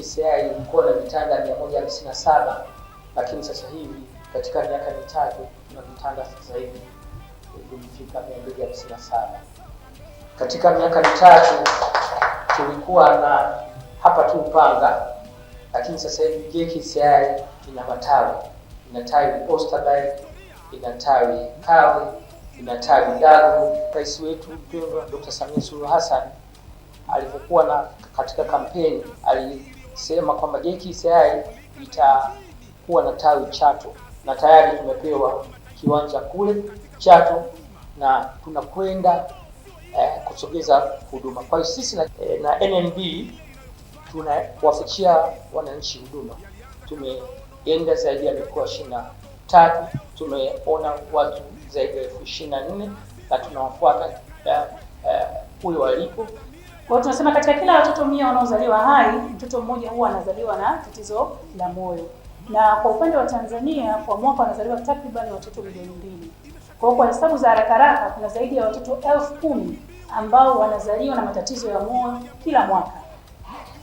TCI ilikuwa na vitanda 157 lakini sasa hivi katika miaka mitatu tuna vitanda sasa hivi vimefika 257. Katika miaka mitatu tulikuwa na hapa tu Upanga, lakini sasa hivi JKCI ina matawi, ina tawi Oysterbay, ina tawi Kawe, ina tawi Dagu. Rais wetu mpendwa Dr. Samia Suluhu Hassan alivyokuwa na katika kampeni ali sema kwamba JKCI itakuwa na tawi Chato na tayari tumepewa kiwanja kule Chato na tunakwenda eh, kusogeza huduma. Kwa hiyo sisi na, eh, na NMB tunawafikia wananchi huduma. Tumeenda zaidi ya mikoa ishirini na tatu, tumeona watu zaidi ya elfu ishirini na nne na tunawafuata eh, eh, walipo kwa hiyo tunasema katika kila watoto mia wanaozaliwa hai, mtoto mmoja huwa anazaliwa na tatizo la moyo, na kwa upande wa Tanzania kwa mwaka wanazaliwa takriban watoto milioni mbili. Kwa hiyo kwa hesabu za haraka haraka kuna zaidi ya watoto elfu kumi ambao wanazaliwa na matatizo ya moyo kila mwaka,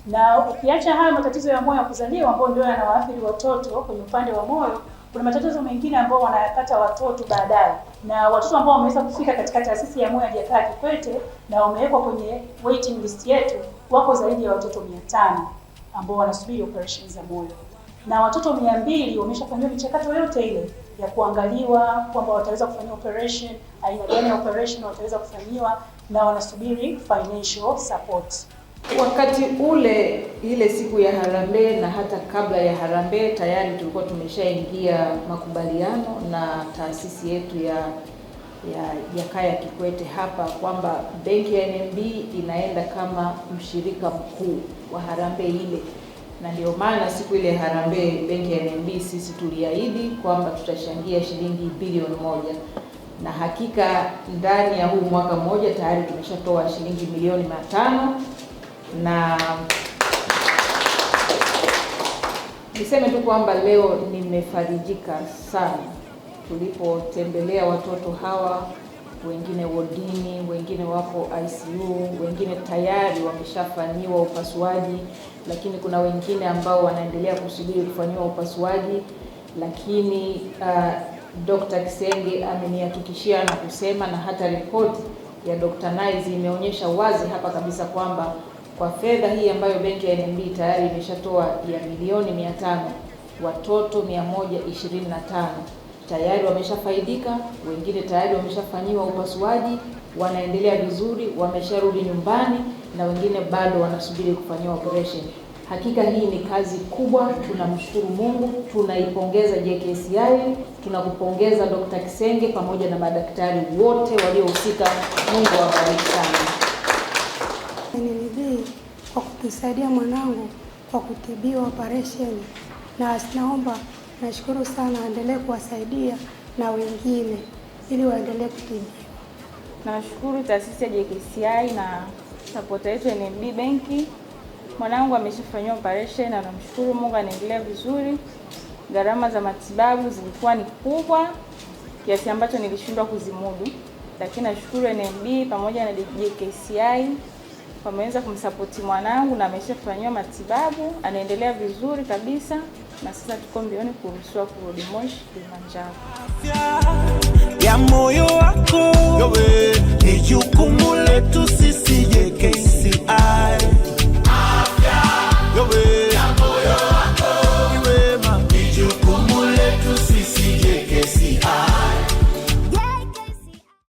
na ukiacha hayo matatizo ya moyo ya kuzaliwa ambayo ndio yanawaathiri watoto kwenye upande wa moyo kuna matatizo mengine ambao wanayapata watoto baadaye, na watoto ambao wameweza kufika katika taasisi ya moyo ya Jakaya Kikwete na wamewekwa kwenye waiting list yetu wako zaidi ya watoto mia tano ambao wanasubiri operation za moyo, na watoto mia mbili wameshafanyiwa michakato yote ile ya kuangaliwa kwamba wataweza kufanyiwa operation, aina gani ya operation wataweza kufanyiwa, na wanasubiri financial support. Wakati ule ile siku ya harambee na hata kabla ya harambee tayari tulikuwa tumeshaingia makubaliano na taasisi yetu ya ya Jakaya Kikwete hapa kwamba benki ya NMB inaenda kama mshirika mkuu wa harambee ile, na ndio maana siku ile ya harambee benki ya NMB sisi tuliahidi kwamba tutachangia shilingi bilioni moja na hakika ndani ya huu mwaka mmoja tayari tumeshatoa shilingi milioni matano na niseme tu kwamba leo nimefarijika sana tulipotembelea watoto hawa, wengine wodini, wengine wapo ICU, wengine tayari wameshafanyiwa upasuaji, lakini kuna wengine ambao wanaendelea kusubiri kufanyiwa upasuaji. Lakini uh, Dr. Kisenge amenihakikishia na kusema, na hata ripoti ya Dr. Nice imeonyesha wazi hapa kabisa kwamba kwa fedha hii ambayo benki ya NMB tayari imeshatoa ya milioni mia tano, watoto 125 tayari wameshafaidika, wengine tayari wameshafanyiwa upasuaji, wanaendelea vizuri, wamesharudi nyumbani na wengine bado wanasubiri kufanyiwa operation. Hakika hii ni kazi kubwa, tunamshukuru Mungu, tunaipongeza JKCI, tunakupongeza Dr. Kisenge pamoja na madaktari wote waliohusika. Mungu awabariki sana kwa kumsaidia mwanangu kwa kutibiwa operesheni, na naomba nashukuru sana, aendelee kuwasaidia na wengine ili waendelee kutibiwa. Nashukuru taasisi ya JKCI na sapota yetu NMB benki. Mwanangu ameshafanyiwa operesheni na namshukuru Mungu, anaendelea vizuri. Gharama za matibabu zilikuwa ni kubwa kiasi ambacho nilishindwa kuzimudu, lakini nashukuru NMB pamoja na JKCI wameweza kumsapoti mwanangu na ameshafanyiwa matibabu, anaendelea vizuri kabisa, na sasa tuko mbioni kuruhusiwa kurudi Moshi Kilimanjaro ya moyo